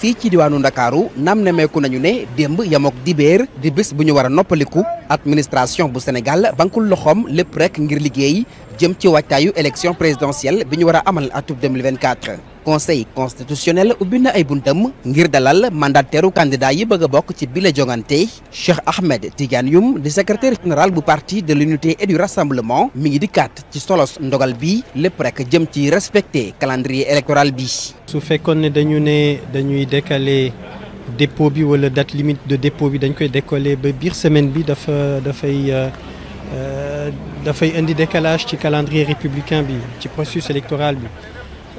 fii ci diwaanu ndakaaru naam nemmeeku nañu ne démb yamook dibeer di bés bu ñu war a noppaliku administration bu Sénégal bankul loxoom lépp rek ngir liggéey jëm ci waajtaayu élection présidentielle bi ñu war a amal atum 2024 conseil constitutionnel ubbi na ay buntam ngir dalal mandataireu candidat yi bëgg a bokk ci bile jongante Cheikh Ahmed Tidiane Youm di secrétaire général bu parti de l'unité et du rassemblement mi ngi di kat ci solos ndogal bi lépp rek jëm ci respecter calendrier électoral bi. su fekkoon ne dañu ne dañuy décaler dépôt bi wala date limite de dépôt bi dañ koy décoller ba biir semaine bi dafa dafay. Euh, euh, dafay indi décalage ci calendrier républicain bi ci processus électoral bi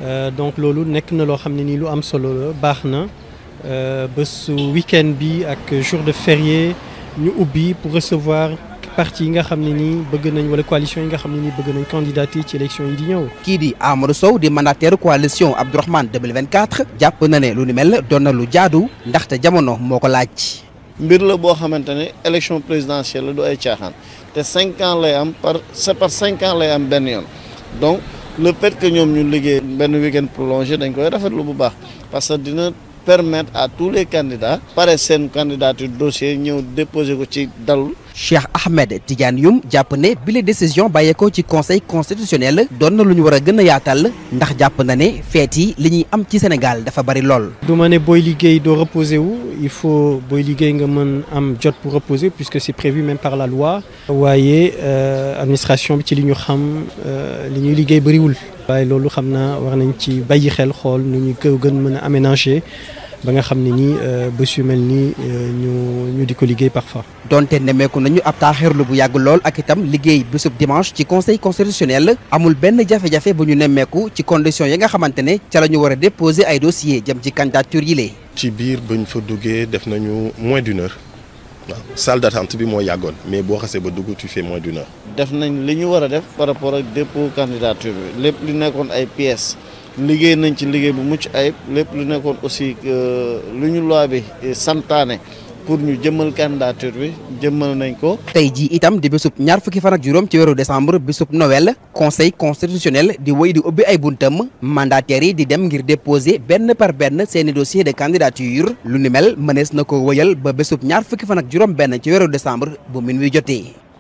Euh, donc loolu nekk na loo xam ne nii lu am solo la baax na euh, bésu week-end bi ak jour de férié ñu ubbi pour recevoir parti yi nga xam ne nii bëgg nañ wala coalition yi nga xam ne nii bëgg nañ candidat yi ci élection yi di ñëw. kii di Amadou Sow di mandataire coalition Abdourahmane 2024 jàpp na ne lu ni mel doon na lu jaadu ndaxte jamono moo ko laaj. mbir la boo xamante ne élection présidentielle du ay caaxaan te cinq ans lay am par cinq ans lay am benn yoon le fait que ñoom ñu liggéey benn week-end prolongé dañ koy rafetlu bu baax parce que dina permettre à tous les candidats pare seen candidature dossier ñëw déposé ko ci dalul Cheikh Ahmed Tidiane Youm jàpp ne bi la décision bàyyeekoo ci conseil constitutionnel doon na lu ñu war a gën yaatal ndax jàpp na ne feet yi li ñuy am ci Sénégal dafa bari lool. du ma ne booy liggéey doo reposer wu il faut booy liggéey nga mën am jot pour reposer puisque c'est prévu même par la loi. waaye euh, administration bi ci li ñu xam euh, li ñuy liggéey bariwul. waaye loolu xam naa wax nañ ci bàyyi xel xool nu ñu ko gën mën a aménager ba nga xam ne nii euh, bés yu mel nii euh, ñu ñu di ko liggéey parfois. donte nemmeeku nañu ab taaxirlu bu yàgg lool ak itam liggéey bésub dimanche ci conseil constitutionnel amul benn jafe-jafe bu ñu nemeeku ci condition yi nga xamante ne ca la ñu war a déposer ay dossier jëm ci candidature yi lee ci biir bañ fa duggee def nañu moins d'une heure. waaw salle d'attente bi moo yàggoon mais boo xasee ba dugg tu fais moins d'une def nañ li ñu war a def par rapport ak dépôt candidature bi lépp lu nekkoon ay pièces liggéey nañ ci liggéey bu mucc ayib lépp lu nekkoon aussi euh, lu ñu loi bi santaane. pour ñu jëmmal candidature bi jëmmal nañ ko. tey jii itam di bésub ñaar fukki fanak juróom ci weeru décembre bésub Noël conseil constitutionnel di wéy di ubbi ay buntam mandataires yi di dem ngir déposer benn par benn seeni dossier de candidature lu ni mel mënees na ko wëyal ba bésub ñaar fukki fan ak juróom benn ci weeru décembre bu min wi jotee.